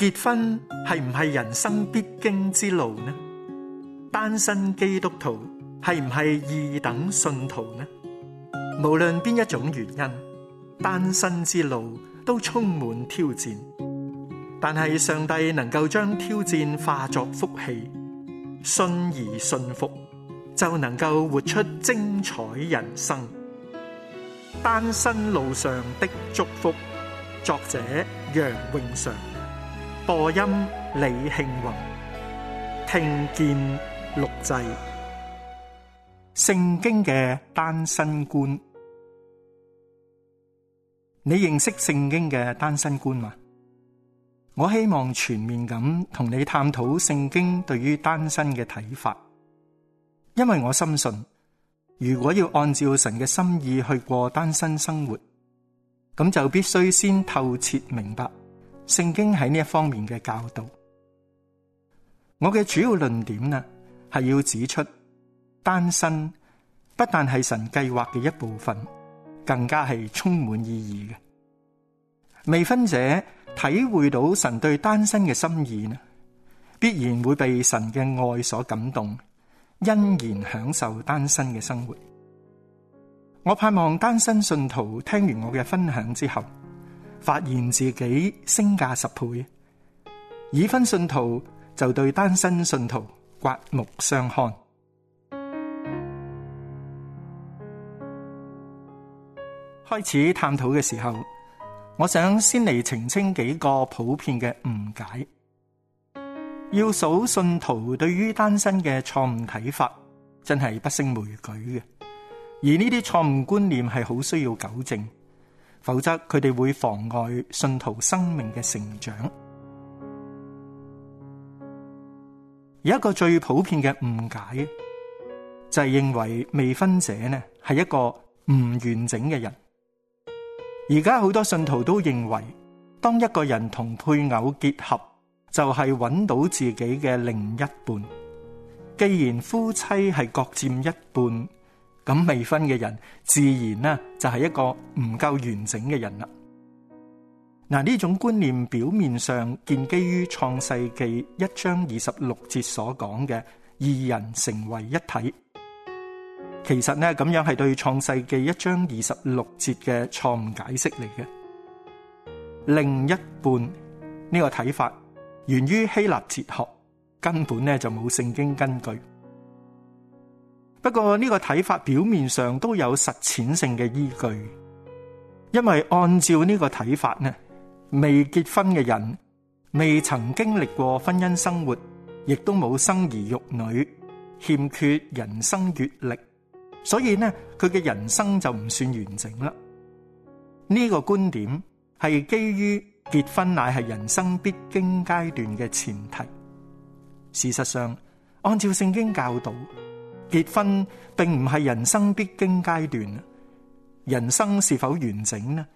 結婚係唔係人生必經之路呢？單身基督徒係唔係二等信徒呢？無論邊一種原因，單身之路都充滿挑戰。但係上帝能夠將挑戰化作福氣，信而信服，就能夠活出精彩人生。單身路上的祝福，作者楊永祥。播音李慶雲，聽見錄製《聖經嘅單身觀》，你認識聖經嘅單身觀嗎？我希望全面咁同你探討聖經對於單身嘅睇法，因為我深信，如果要按照神嘅心意去過單身生活，咁就必須先透徹明白。聖經喺呢一方面嘅教導，我嘅主要論點咧係要指出，單身不但係神計劃嘅一部分，更加係充滿意義嘅。未婚者體會到神對單身嘅心意呢，必然會被神嘅愛所感動，欣然享受單身嘅生活。我盼望單身信徒聽完我嘅分享之後，發現自己升價十倍，已婚信徒就對單身信徒刮目相看。開始探討嘅時候，我想先嚟澄清幾個普遍嘅誤解。要數信徒對於單身嘅錯誤睇法，真係不勝枚舉嘅。而呢啲錯誤觀念係好需要糾正。否則佢哋會妨礙信徒生命嘅成長。而一個最普遍嘅誤解，就係、是、認為未婚者呢，係一個唔完整嘅人。而家好多信徒都認為，當一個人同配偶結合，就係、是、揾到自己嘅另一半。既然夫妻係各佔一半。咁未婚嘅人，自然呢，就係一個唔夠完整嘅人啦。嗱，呢種觀念表面上建基於創世紀一章二十六節所講嘅二人成為一體，其實呢，咁樣係對創世紀一章二十六節嘅錯誤解釋嚟嘅。另一半呢個睇法，源於希臘哲學，根本呢就冇聖經根據。不過呢個睇法表面上都有實踐性嘅依據，因為按照呢個睇法呢，未結婚嘅人未曾經歷過婚姻生活，亦都冇生兒育女，欠缺人生閱歷，所以呢佢嘅人生就唔算完整啦。呢個觀點係基於結婚乃係人生必經階段嘅前提。事實上，按照聖經教導。結婚並唔係人生必經階段，人生是否完整呢？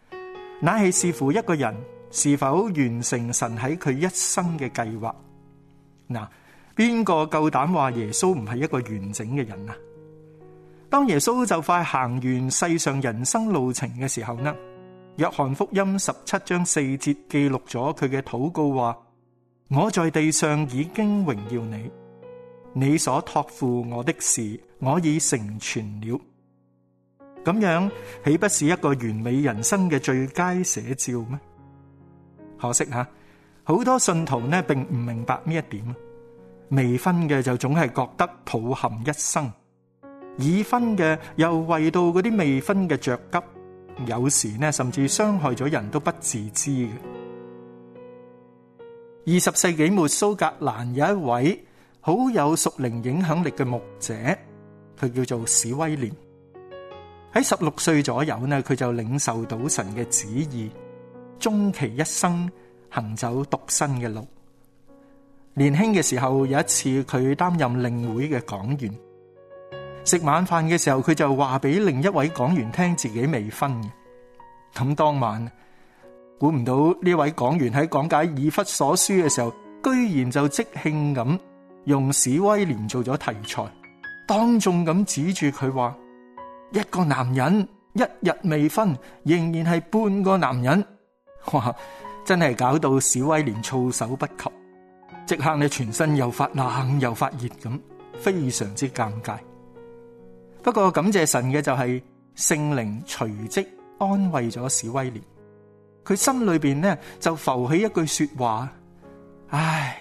那係視乎一個人是否完成神喺佢一生嘅計劃。嗱，邊個夠膽話耶穌唔係一個完整嘅人啊？當耶穌就快行完世上人生路程嘅時候呢，約翰福音十七章四節記錄咗佢嘅禱告話：我在地上已經榮耀你。你所託付我的事，我已成全了。咁樣豈不是一個完美人生嘅最佳寫照咩？可惜吓，好多信徒呢並唔明白呢一點。未婚嘅就總係覺得抱憾一生，已婚嘅又為到嗰啲未婚嘅着急，有時呢甚至傷害咗人都不自知嘅。二十世紀末蘇格蘭有一位。好有屬靈影響力嘅牧者，佢叫做史威廉。喺十六歲左右呢，佢就領受到神嘅旨意，終其一生行走獨身嘅路。年輕嘅時候，有一次佢擔任令會嘅講員，食晚飯嘅時候，佢就話俾另一位講員聽自己未婚嘅。咁當晚，估唔到呢位講員喺講解以弗所書嘅時候，居然就即興咁。用史威廉做咗題材，當眾咁指住佢話：一個男人一日未婚，仍然係半個男人。哇！真係搞到史威廉措手不及，即刻你全身又發冷又發熱咁，非常之尷尬。不過感謝神嘅就係聖靈隨即安慰咗史威廉，佢心裏邊呢就浮起一句說話：唉。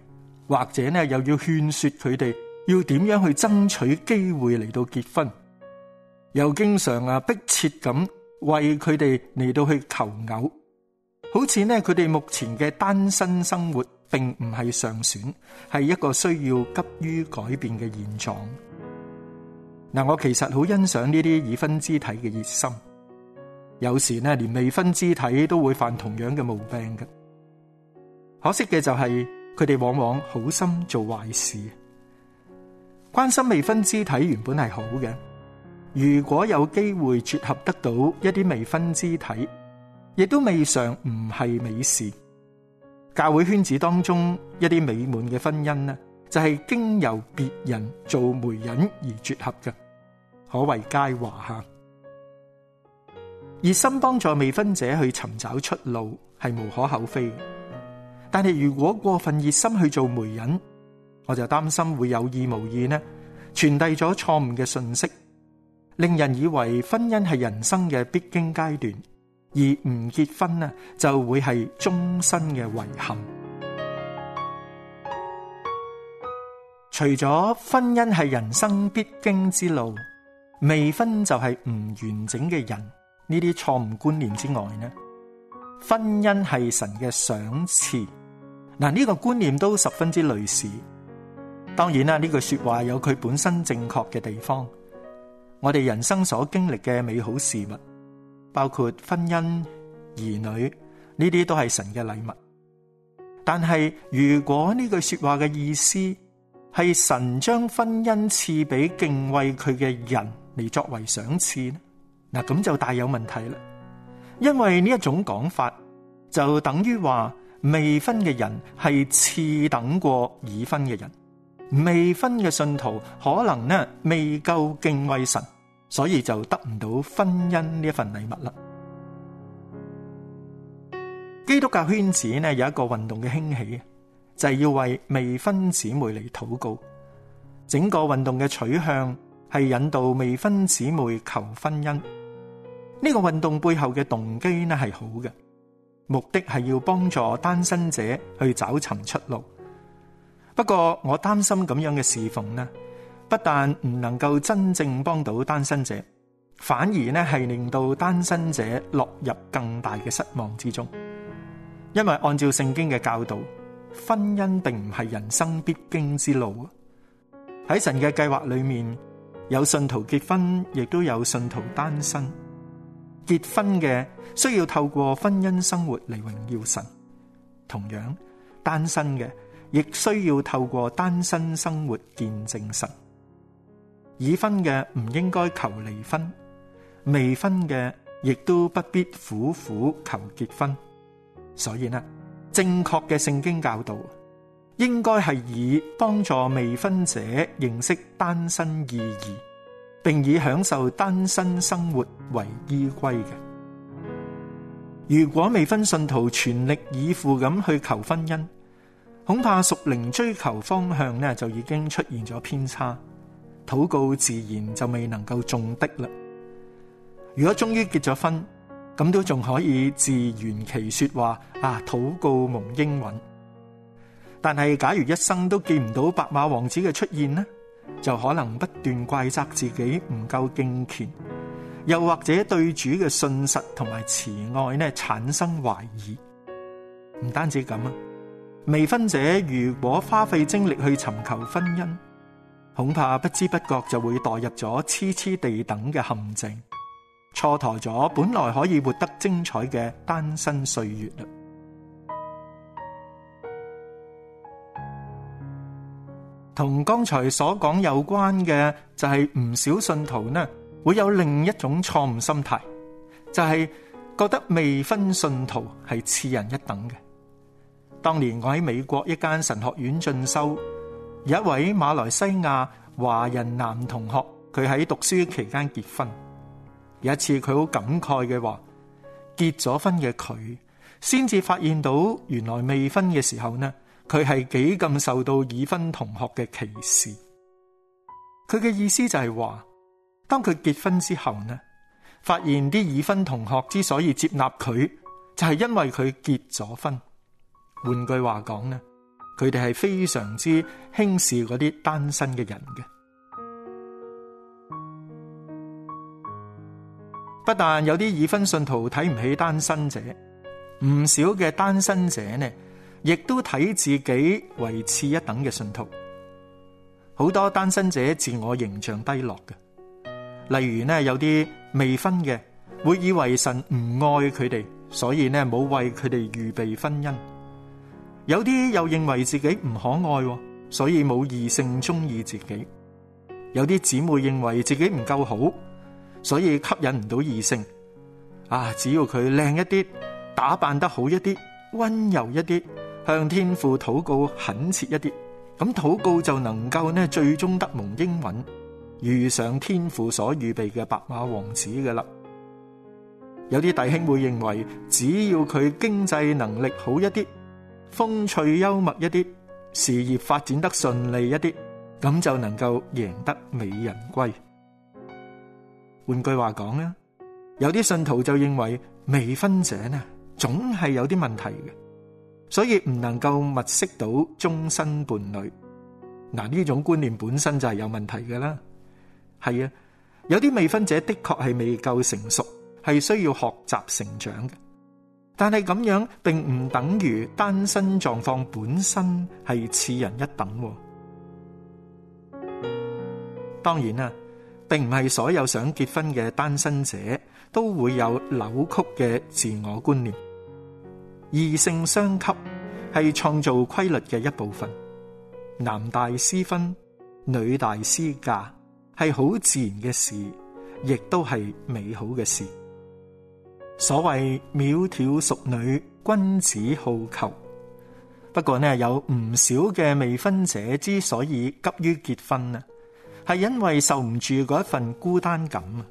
或者咧，又要勸說佢哋要點樣去爭取機會嚟到結婚，又經常啊迫切咁為佢哋嚟到去求偶，好似咧，佢哋目前嘅單身生活並唔係上選，係一個需要急於改變嘅現狀。嗱，我其實好欣賞呢啲已婚肢體嘅熱心，有時咧，連未婚肢體都會犯同樣嘅毛病嘅。可惜嘅就係。佢哋往往好心做壞事，關心未婚肢體原本係好嘅。如果有機會結合得到一啲未婚肢體，亦都未嘗唔係美事。教會圈子當中一啲美滿嘅婚姻呢，就係經由別人做媒人而結合嘅，可謂佳話啊！熱心幫助未婚者去尋找出路係無可厚非。但係如果過分熱心去做媒人，我就擔心會有意無意呢傳遞咗錯誤嘅信息，令人以為婚姻係人生嘅必經階段，而唔結婚呢就會係終身嘅遺憾。除咗婚姻係人生必經之路，未婚就係唔完整嘅人呢啲錯誤觀念之外呢，婚姻係神嘅賞賜。嗱，呢個觀念都十分之類似。當然啦，呢句說話有佢本身正確嘅地方。我哋人生所經歷嘅美好事物，包括婚姻、兒女呢啲，這些都係神嘅禮物。但係如果呢句說話嘅意思係神將婚姻賜俾敬畏佢嘅人嚟，作為賞賜，嗱，咁就大有問題啦。因為呢一種講法就等於話。未婚嘅人係次等過已婚嘅人，未婚嘅信徒可能呢未夠敬畏神，所以就得唔到婚姻呢份禮物啦。基督教圈子呢有一個運動嘅興起，就係要為未婚姊妹嚟禱告。整個運動嘅取向係引導未婚姊妹求婚姻。呢個運動背後嘅動機呢係好嘅。目的係要幫助單身者去找尋出路。不過我擔心咁樣嘅侍奉呢，不但唔能夠真正幫到單身者，反而呢係令到單身者落入更大嘅失望之中。因為按照聖經嘅教導，婚姻並唔係人生必經之路。喺神嘅計劃裏面，有信徒結婚，亦都有信徒單身。結婚嘅需要透過婚姻生活嚟榮耀神，同樣單身嘅亦需要透過單身生活見證神。已婚嘅唔應該求離婚，未婚嘅亦都不必苦苦求結婚。所以呢，正確嘅聖經教導應該係以幫助未婚者認識單身意義。並以享受單身生活為依歸嘅。如果未婚信徒全力以赴咁去求婚姻，恐怕屬靈追求方向呢就已經出現咗偏差，禱告自然就未能夠中的啦。如果終於結咗婚，咁都仲可以自圓其說話啊，禱告蒙應允。但係假如一生都見唔到白馬王子嘅出現呢？就可能不斷怪責自己唔夠敬虔，又或者對主嘅信實同埋慈愛呢產生懷疑。唔單止咁啊，未婚者如果花費精力去尋求婚姻，恐怕不知不覺就會墮入咗痴痴地等嘅陷阱，蹉跎咗本來可以活得精彩嘅單身歲月啦。同剛才所講有關嘅，就係唔少信徒呢會有另一種錯誤心態，就係、是、覺得未婚信徒係次人一等嘅。當年我喺美國一間神學院進修，有一位馬來西亞華人男同學，佢喺讀書期間結婚。有一次佢好感慨嘅話，結咗婚嘅佢先至發現到，原來未婚嘅時候呢？佢係幾咁受到已婚同學嘅歧視？佢嘅意思就係話，當佢結婚之後呢，發現啲已婚同學之所以接納佢，就係因為佢結咗婚。換句話講呢，佢哋係非常之輕視嗰啲單身嘅人嘅。不但有啲已婚信徒睇唔起單身者，唔少嘅單身者呢，亦都睇自己為次一等嘅信徒，好多單身者自我形象低落嘅，例如呢，有啲未婚嘅會以為神唔愛佢哋，所以呢冇為佢哋預備婚姻；有啲又認為自己唔可愛，所以冇異性中意自己；有啲姊妹認為自己唔夠好，所以吸引唔到異性。啊，只要佢靚一啲，打扮得好一啲，溫柔一啲。向天父禱告懇切一啲，咁禱告就能夠呢最終得蒙應允，遇上天父所預備嘅白馬王子嘅啦。有啲弟兄會認為，只要佢經濟能力好一啲，風趣幽默一啲，事業發展得順利一啲，咁就能夠贏得美人歸。換句話講啊，有啲信徒就認為未婚者呢，總係有啲問題嘅。所以唔能夠物色到終身伴侶，嗱，呢種觀念本身就係有問題嘅啦。係啊，有啲未婚者的確係未夠成熟，係需要學習成長嘅。但係咁樣並唔等於單身狀況本身係似人一等。當然啦，並唔係所有想結婚嘅單身者都會有扭曲嘅自我觀念。異性相吸係創造規律嘅一部分，男大思婚，女大思嫁，係好自然嘅事，亦都係美好嘅事。所謂窈窕淑女，君子好逑。不過呢，有唔少嘅未婚者之所以急於結婚呢，係因為受唔住嗰一份孤單感啊！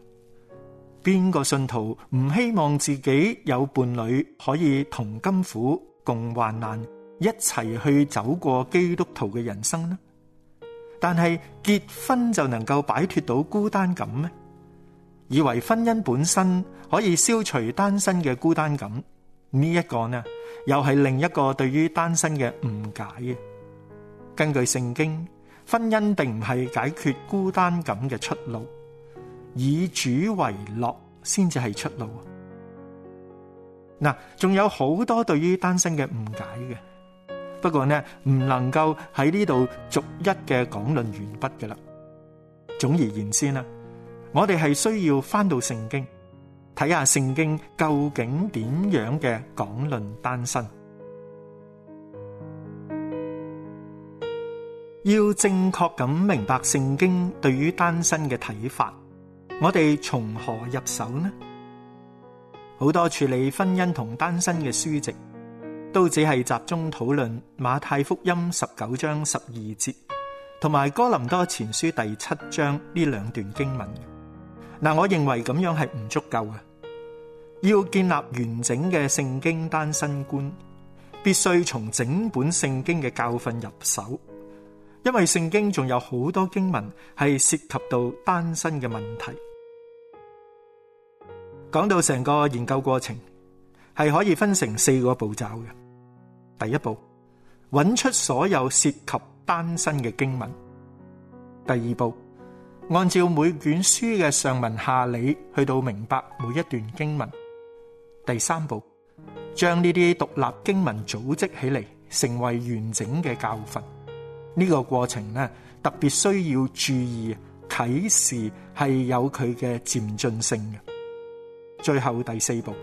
邊個信徒唔希望自己有伴侶可以同甘苦、共患難，一齊去走過基督徒嘅人生呢？但係結婚就能夠擺脫到孤單感咩？以為婚姻本身可以消除單身嘅孤單感呢一個呢，又係另一個對於單身嘅誤解。根據聖經，婚姻定唔係解決孤單感嘅出路。以主為樂先至係出路。嗱，仲有好多對於單身嘅誤解嘅，不過呢唔能夠喺呢度逐一嘅講論完畢嘅啦。總而言之啦，我哋係需要翻到聖經，睇下聖經究竟點樣嘅講論單身，要正確咁明白聖經對於單身嘅睇法。我哋從何入手呢？好多處理婚姻同單身嘅書籍，都只係集中討論馬太福音十九章十二節，同埋哥林多前書第七章呢兩段經文。嗱，我認為咁樣係唔足夠嘅，要建立完整嘅聖經單身觀，必須從整本聖經嘅教訓入手，因為聖經仲有好多經文係涉及到單身嘅問題。，講到成個研究過程，係可以分成四個步驟嘅。第一步，揾出所有涉及單身嘅經文；第二步，按照每卷書嘅上文下理，去到明白每一段經文；第三步，將呢啲獨立經文組織起嚟，成為完整嘅教訓。呢個過程咧，特別需要注意，啟示係有佢嘅漸進性嘅。最後第四步，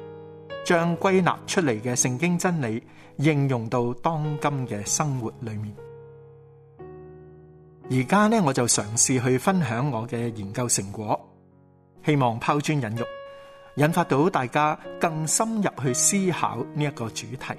將歸納出嚟嘅聖經真理應用到當今嘅生活裏面。而家呢，我就嘗試去分享我嘅研究成果，希望拋磚引玉，引發到大家更深入去思考呢一個主題。